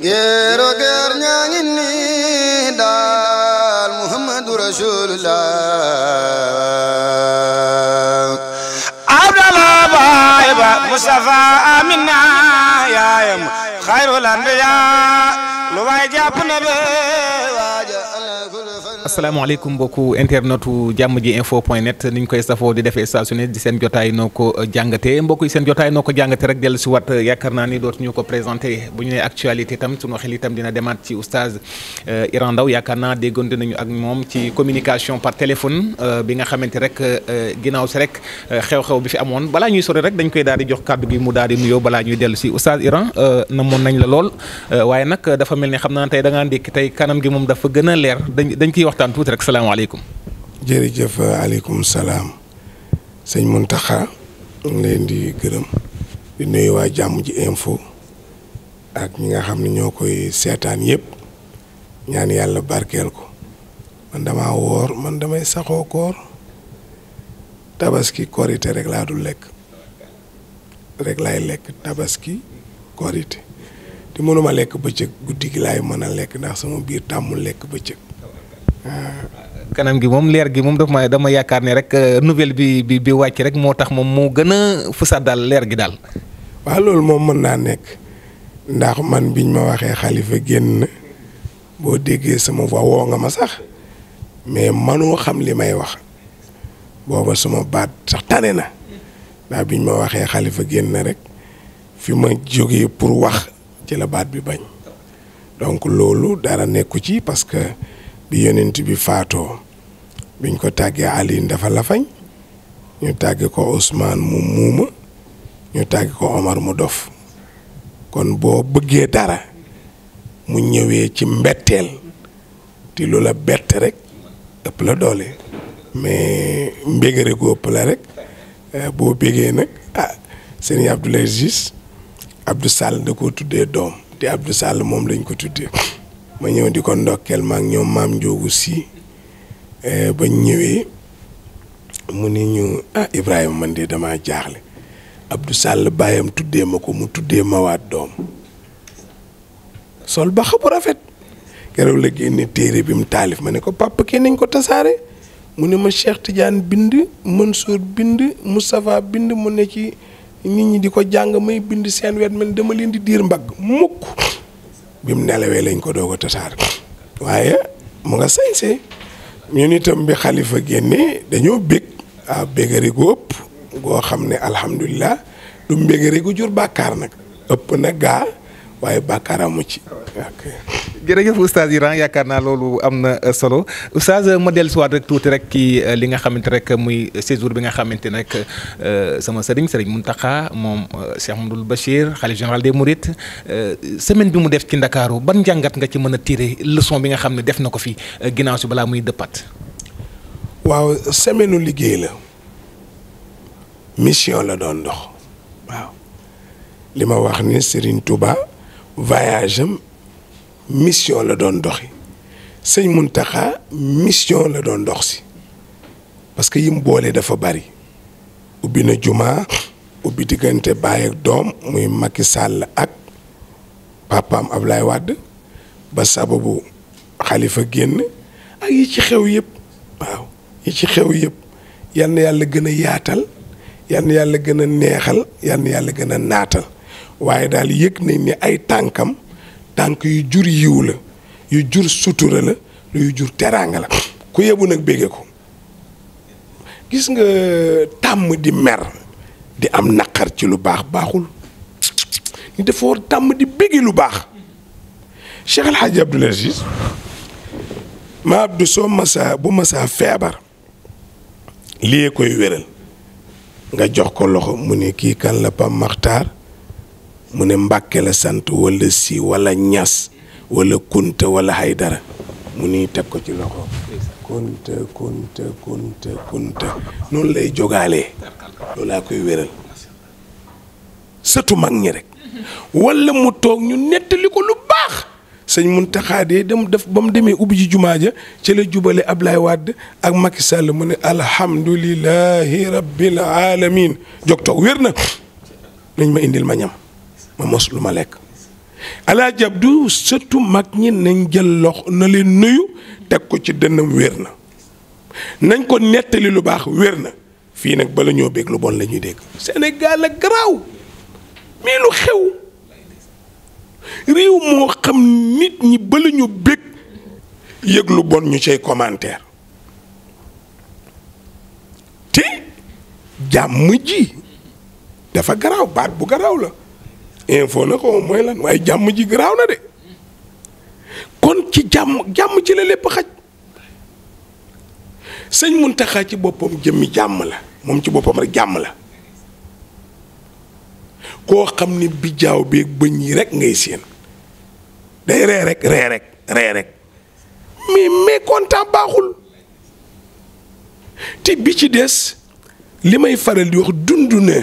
géero géer ñaa ngi nii daal muhammadu rasulullah abdala baay ba mustafa amina yaayam xayrul anbiya lu waay jàpp na bee asalaamaaleykum mbokku internetu jàmm ji info point net ni ñu koy safoo di defee saa su di seen jotaay noo ko jàngatee mbokk yi seen jotaay noo ko jàngatee rek dellu si wat yaakaar naa ni dootuñu ko présenté bu ñu nee actualité tam sunu xel tam dina demaat ci oustaz euh, Iran Ndaw yaakaar naa déggoonte nañu ak moom ci communication par téléphone euh, bi nga xamante rek euh, ginnaaw si rek xew-xew bi fi amoon balaa ñuy sori rek dañ koy daal di jox kàddu bi mu daal di nuyoo balaa ñuy dellu si oustaz Iran namoon nañ la lool waaye nag dafa mel ne xam naa tey da tey kanam gi moom dafa gën a leer dañ dañ koy wax waxtaan tuuti rek salaamaaleykum. aleykum salaam sëñ Mountakha tax ngi leen di gërëm di nuyu waa jàmm ji info ak ñi nga xam ne ñoo koy seetaan yépp ñaan yàlla barkeel ko man damaa woor man damay saxoo koor tabaski korite rek laa dul lekk rek laay lekk tabaski korite te mënuma lekk bëccëg guddi gi laay mën a lekk ndax sama biir tàmmul lekk bëccëg. kanam gi moom leer gi moom daf ma dama yaakaar ne rek euh, nouvelle bi bi bi wàcc rek moo tax moom moo gën a fësaat daal leer gi daal. waaw loolu moom mën naa nekk ndax man biñ ma waxee xalifa génn boo déggee sama voix nga ma sax mais manoo xam li may wax booba sama baat sax tane na ndax biñ ma waxee xalifa génn rek fi ma jógee pour wax ci la baat bi bañ donc loolu dara nekku ci parce que. bi yonent bi faatoo biñ ko tàggee Alioune dafa lafañ ñu tàgg ko Ousmane mu muuma ñu tàgge ko Omar mu dof kon boo bëggee dara mu ñëwee ci mbetteel ti lu la bett rek ëpp la doole mais mbégare gu ëpp la rek eh, boo bégee nag ah sëñ Abdoulaye Gis Abdou Sall da ko tuddee doom te Abdou Sall moom lañ ko tuddee ma ñëw di ko ndokkeel maak ñoom maam Njoogu si eh, bañ ñëwee mu ni ñu ah Ibrahima man de dama jaaxle Abdou Sall bàyyam tuddee ma ko mu tuddee ma waat doom sol ba xabu rafet keroog la génne téere bi mu taalif ma ne ko papa kii nañ ko tasaare mu ne ma Cheikh Tidiane bind Mansour bind Moustapha bind mu ne ci nit ñi di ko jàng may bind seen wet man dama leen di diir mbagg mukk bi mu nelawee lañ ko doo a tasaar waaye mu nga sañse ñun itam bi xalifa génne dañoo bég waaw gu ëpp goo xam ne alhamdulilah du mbégari gu jur bàkkaar nag ëpp na gaa waaye bàkkaar amu ci jërëjëf oustaz Iran yaakaar naa loolu am na solo oustaz ma dellusiwaat rek tuuti rek ki euh, li nga xamante rek muy séjour bi nga xamante ne rek euh, sama sëriñ sëriñ Mountakha moom euh, Cheikh Mouhamadoul Bachir xalif général des Mourides semaine bi mu def ci ndakaaru ban njàngat nga ci mën a tiire leçon bi nga xam ne def na ko fi ginnaaw si bala muy dëppaat. waaw semaine liggéey la mission la doon dox waaw li ma wax ni Serigne Touba voyage mission la doon doxi sëñ Muntaxa mission la doon dox si parce que yim boolee dafa bari ubbi na jumaa ubbi diggante baay ak doom muy Macky Sall ak papaam Ablaye Wade ba sababu xalifa génn ak yi ci xew yëpp waaw yi ci xew yëpp yal na yàlla gën a yaatal yal yàlla gën a neexal yal yàlla gën a naatal waaye daal yëg nañ ni ay tànkam tànk yu jur yiw la yu jur sutura la yu jur teraanga la ku yebu nag bégge ko gis nga tàmm di mer di am naqar ci lu baax baaxul ni dafa war tàmm di bégge lu baax Cheikh El Hadj Abdoul ma Abdou soo masa bu masa feebar lii koy wéral nga jox ko loxo mu ne kii kan la Pam Maxtaar mu ne Mbàkke la sant wala sii walla ñas walla kunta wala dara mu ni teg ko ci loxo kunta kunta kunta kunta noonu lay jogaalee loolaa koy wéral sëtu mag ñi rek wala mu toog ñu nettali lu baax sëñ Muntaxa de dem def ba mu demee ubbi jumaa ja ci la jubale Ablaye wàdd ak Macky Sall mu ne alhamdulilahi rabbil alamin jog toog wér na nañ ma indil ma ñam mos lu ma lekk alaajab Abdu surtout mag ñi nañ jël lox na leen nuyu teg ko ci dënnam wér na nañ ko nettali lu baax wér na fii nag bala ñoo bég lu bon la dégg Sénégal ak garaaw mii lu xew réew moo xam nit ñi bala ñu bég yëg lu bon ñu cay commentaire te jàmm ji dafa garaaw baat bu garaaw la foo na ko mooy lan waaye jàmm ji garaaw na de kon ci jàmm jàmm ci la lépp xaj sëñ Muntaxa ci boppam jëmmi jàmm la moom ci boppam rek jàmm la koo xam ni bijaaw beeg bëñ yi rekk ngay séen day ree rek ree rek ree rek mais mais kontaan baaxul te bi ci des li may faral di wax dund na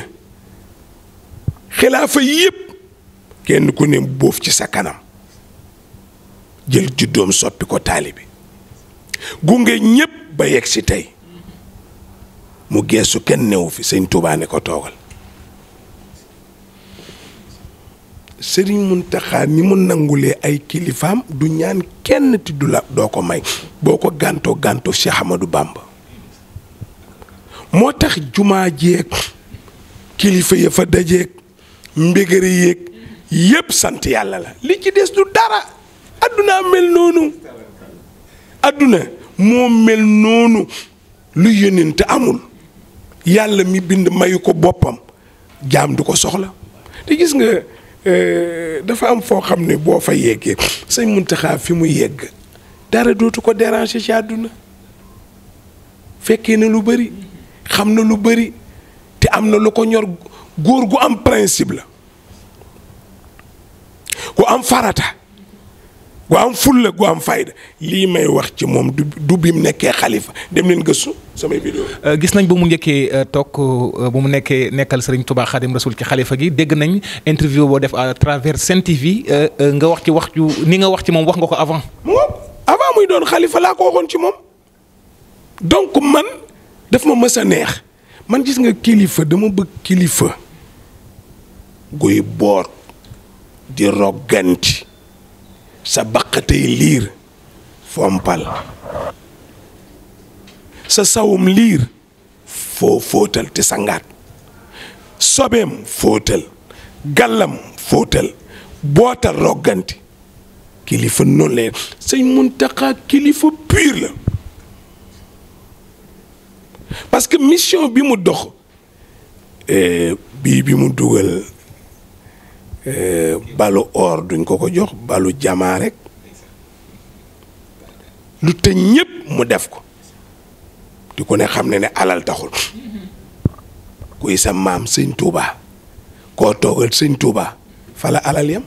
xilaafa yépp kenn ku ne bóof ci sa kanam jël juddoom soppi ko taalibe gunge ñépp ba yegg si tey mu geesu kenn newu fi sëñ Tuubaa ne ko toogal sëriñ Muntaxa ni mu nangulee ay kilifaam du ñaan kenn ti du la doo ko may boo ko gàntoo gàntoo Cheikh Ahmadou Bamba moo tax jumaa jeeg kilifa ya fa dajeeg mbégari yéeg yépp sant yàlla la li ci des du dara addunaa mel noonu adduna moo mel noonu lu yónnent amul yàlla mi bind mayu ko boppam jaam du ko soxla te gis nga euh, dafa am foo xam ne boo fa yeggee sëñ Muntaxa fi mu yegg dara dootu ko déranger ci àdduna fekkee na lu bari xam na lu bari te am na lu ko ñor góor gu am principe la ku am farata gu am fulla gu am fayda lii may wax ci moom du du bi mu nekkee xalifa dem leen gëstu samay vidéo euh, gis nañ ba mu njëkkee euh, toog euh, bu mu nekkee nekkal Serigne Touba Khadim Rasoul ci xalifa gi dégg nañ interview boo def à travers Sen TV nga wax ci wax ju ni nga wax ci moom wax nga ko avant. moom muy doon xalifa laa ko waxoon ci moom donc man daf ma mës a neex man gis nga kilifa dama bëgg kilifa guy boor. di rogganti sa baqatay liir fompal sa sawum liir foo fóotal te sangaat sobeem fóotal gàllam fóotal bootal rogganti kilifa noonu la sëñ Muntaxa kilifa pur la parce que mission bi mu dox eh, bii bi mu dugal Eh, balu or duñ ko ko jox balu jamaa rek lu tëj ñépp mu def ko di ko ne xam ne ne alal taxul kuy sa maam sëñ Tuubaa koo toogal sëñ Tuubaa fala alal yam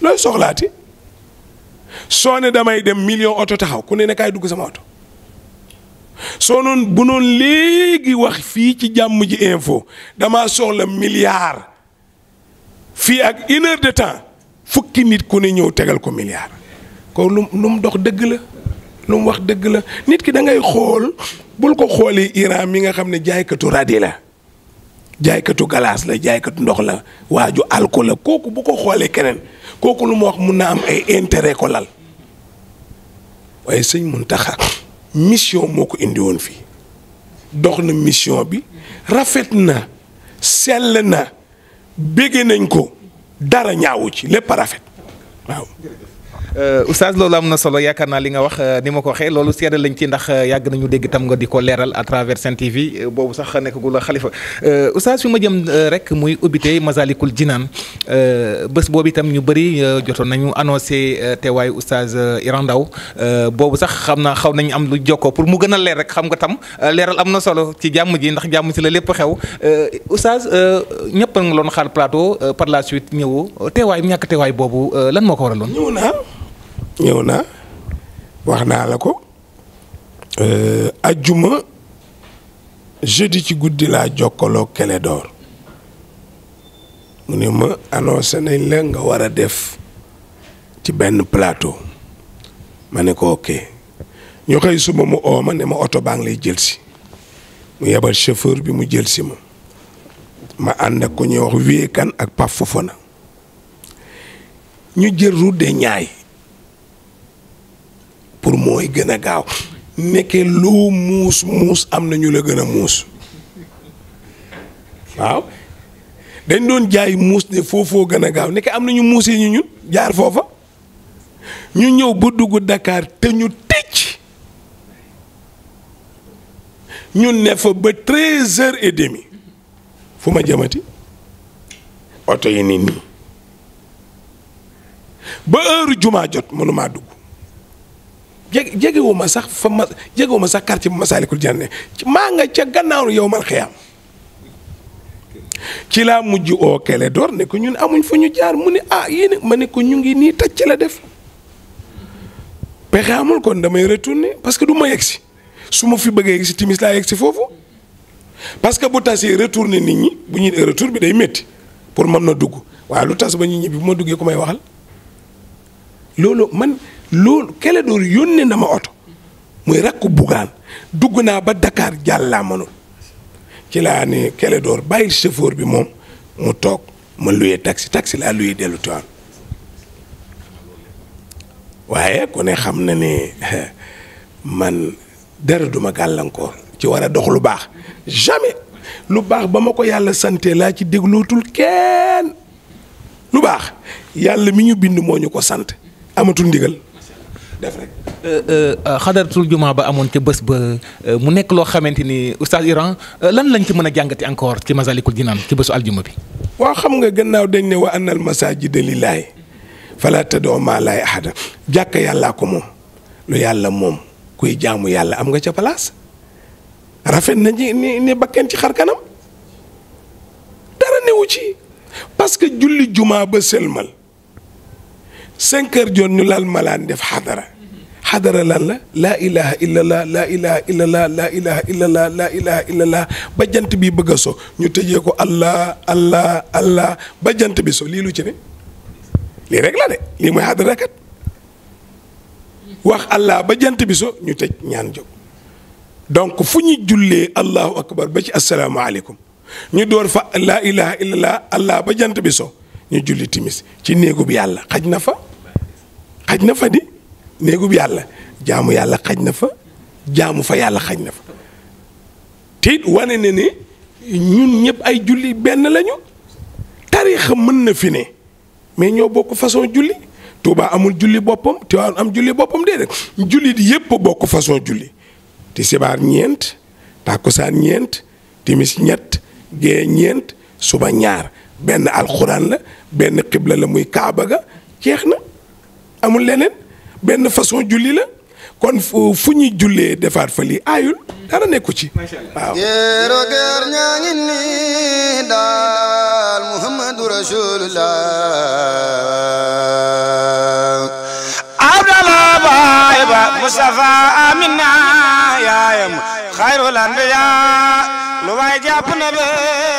looy soxlaati soo ne damay dem million oto taxaw ku ne ne kaay dugg sama oto soo noon bu noon léegi wax fii ci jàmm ji info damaa soxla milliard fii ak une heure de temps fukki nit ku ne ñëw tegal ko milliard kon lu mu dox dëgg la lu mu wax dëgg la nit ki da ngay xool bul ko xoolee Iran mi nga xam ne jaaykatu radi la jaaykatu galaas la jaaykatu ndox la waaju alcool la kooku bu ko xoolee keneen kooku lu mu wax mun na am ay intérêt ko waaye sëñ Muntaxa mission moo ko indi woon fii dox na mission bi rafet na sell na bégg nañ ko dara ñaawu ci lépp a rafet waaw Euh, oustaz loolu am na solo yaakaar naa li nga wax euh, ni ma ko waxee loolu seede lañ ci ndax euh, yàgg nañu dégg tam nga di ko leeral à travers Sen TV boobu sax nekkagul a xalifa oustaz ma jëm rek muy ubbite Masalikul Jinaan bés boobu itam ñu bëri jotoon nañu annoncé teewaayu oustaz Iran Ndao boobu sax xam naa xaw nañu am lu jokkoo pour mu gën a leer rek xam nga tam leeral am na solo ci jàmm ji ndax jàmm si la lépp xew oustaz ñëpp nga loon xaar plateau par la suite ñëw teewaay ñàkk teewaay boobu lan moo ko waraloon. ñëw naa ñëw naa wax naa la ko euh, ajjuma jeudi ci guddi laa jokkaloo Clédor mu ne ma annoncé nañ la nga war a def ci benn plateau ma ne ko ok ñu xëy mu oo ne ma oto baa ngi lay jël si mu yebal chauffeur bi mu jël si ma ma ànd ak ku ñuy wax wéekan ak Pape Fofana ñu jël route de Niayes pour mooy gën a gaaw nekkee loo muus muus am na ñu la gën a muus waaw dañ doon jaay muus ne foofoo gën a gaaw nekkee am na ñu muusee ñu ñun jaar foofa ñu ñëw bu dugg dakaar te ñu tëj ñu ne fa ba treize heures et demie fu ma jëmati oto yi nii nii ba heure jumaa jot mënumaa dugg jé jégewu ma sax fa ma jégewu ma sax quartier Masaalikul Jinaan maa nga ca gannaaw yow man xëyaam ci laa mujj oo kele door ne ko ñun amuñ fa ñu jaar mu ne ah yéen ma ne ko ñu ngi nii taj tacc la def pexe amul kon damay retourne parce que du ma yegg si su ma fi bëggee si timis laa yegg si foofu parce que bu tasee retourner nit ñi bu ñuy retour bi day métti pour mën na dugg waaw lu tas ba ñu ñibbi bu ma duggee ko may waxal. loolu man loolu kele yónnee na ma oto muy rakku bugaan dugg naa ba dakaar jàll laa ci laa ne kele door bàyyi bi moom mu toog ma luyee taxi taxi laa luyee dellu tuwaan waaye ku ne xam na ni man dara duma gàllankoor ci war a dox lu baax jamais lu baax ba ma ko yàlla sante laa ci déglootul kenn lu baax yàlla mi ñu bind moo ñu ko sant amatul ndigal def euh, euh, euh, xadaratul juma ba amoon ca bës ba mu nekk loo xamante ni oustaz Iran lan lañ ci mën a jàngati encore ci Masalikul Jinaan ci bésu aljuma bi. waaw xam nga gannaaw dañ ne wa annal masaajida lillaahi falaa tad'uu ma'a llaahi ahadan yàllaa ko moom lu yàlla moom kuy jaamu yàlla am nga ca place rafet na ni ni bakken ci xar kanam dara newu ci parce que julli juma ba sëlmal. cinq heures joon ñu laal malaan def xadara xadara lan la laa ilaha illallah laa ilaha illallah laa ilaha bi bëgg ñu tëjee ko allah allah bi so lii lu la ba jant bi so ñu tëj ñaan jóg donc fu ñu jullee allahu akbar ba ci asalaamaaleykum ñu door fa laa ilaha illallah allah ba jant bi so ñu julli timis ci néegu bi yàlla xaj na fa xaj na fa di néegub yàlla jaamu yàlla xaj na fa jaamu fa yàlla xaj na fa te wane na ni ñun ñëpp ay julli benn lañu tariixa mën na fi ne mais ñoo bokk façon julli Touba amul julli boppam Tiwaawan am julli boppam déedéet julli di yëpp bokk façon julli ti sibaar ñeent tàkkusaan ñeent timis ñett gee ñeent suba ñaar benn alxuraan la benn xibla la muy kaaba ga jeex na amul leneen benn façon julli la kon fu ñuy jullee defaat fa lii aayul dara nekku ci waaw géero géer ñaa ngi nii daal muhammadu rasulullah abdala baay ba mustafa amina yaayam xayrul anbiya lu waay jàpp na bee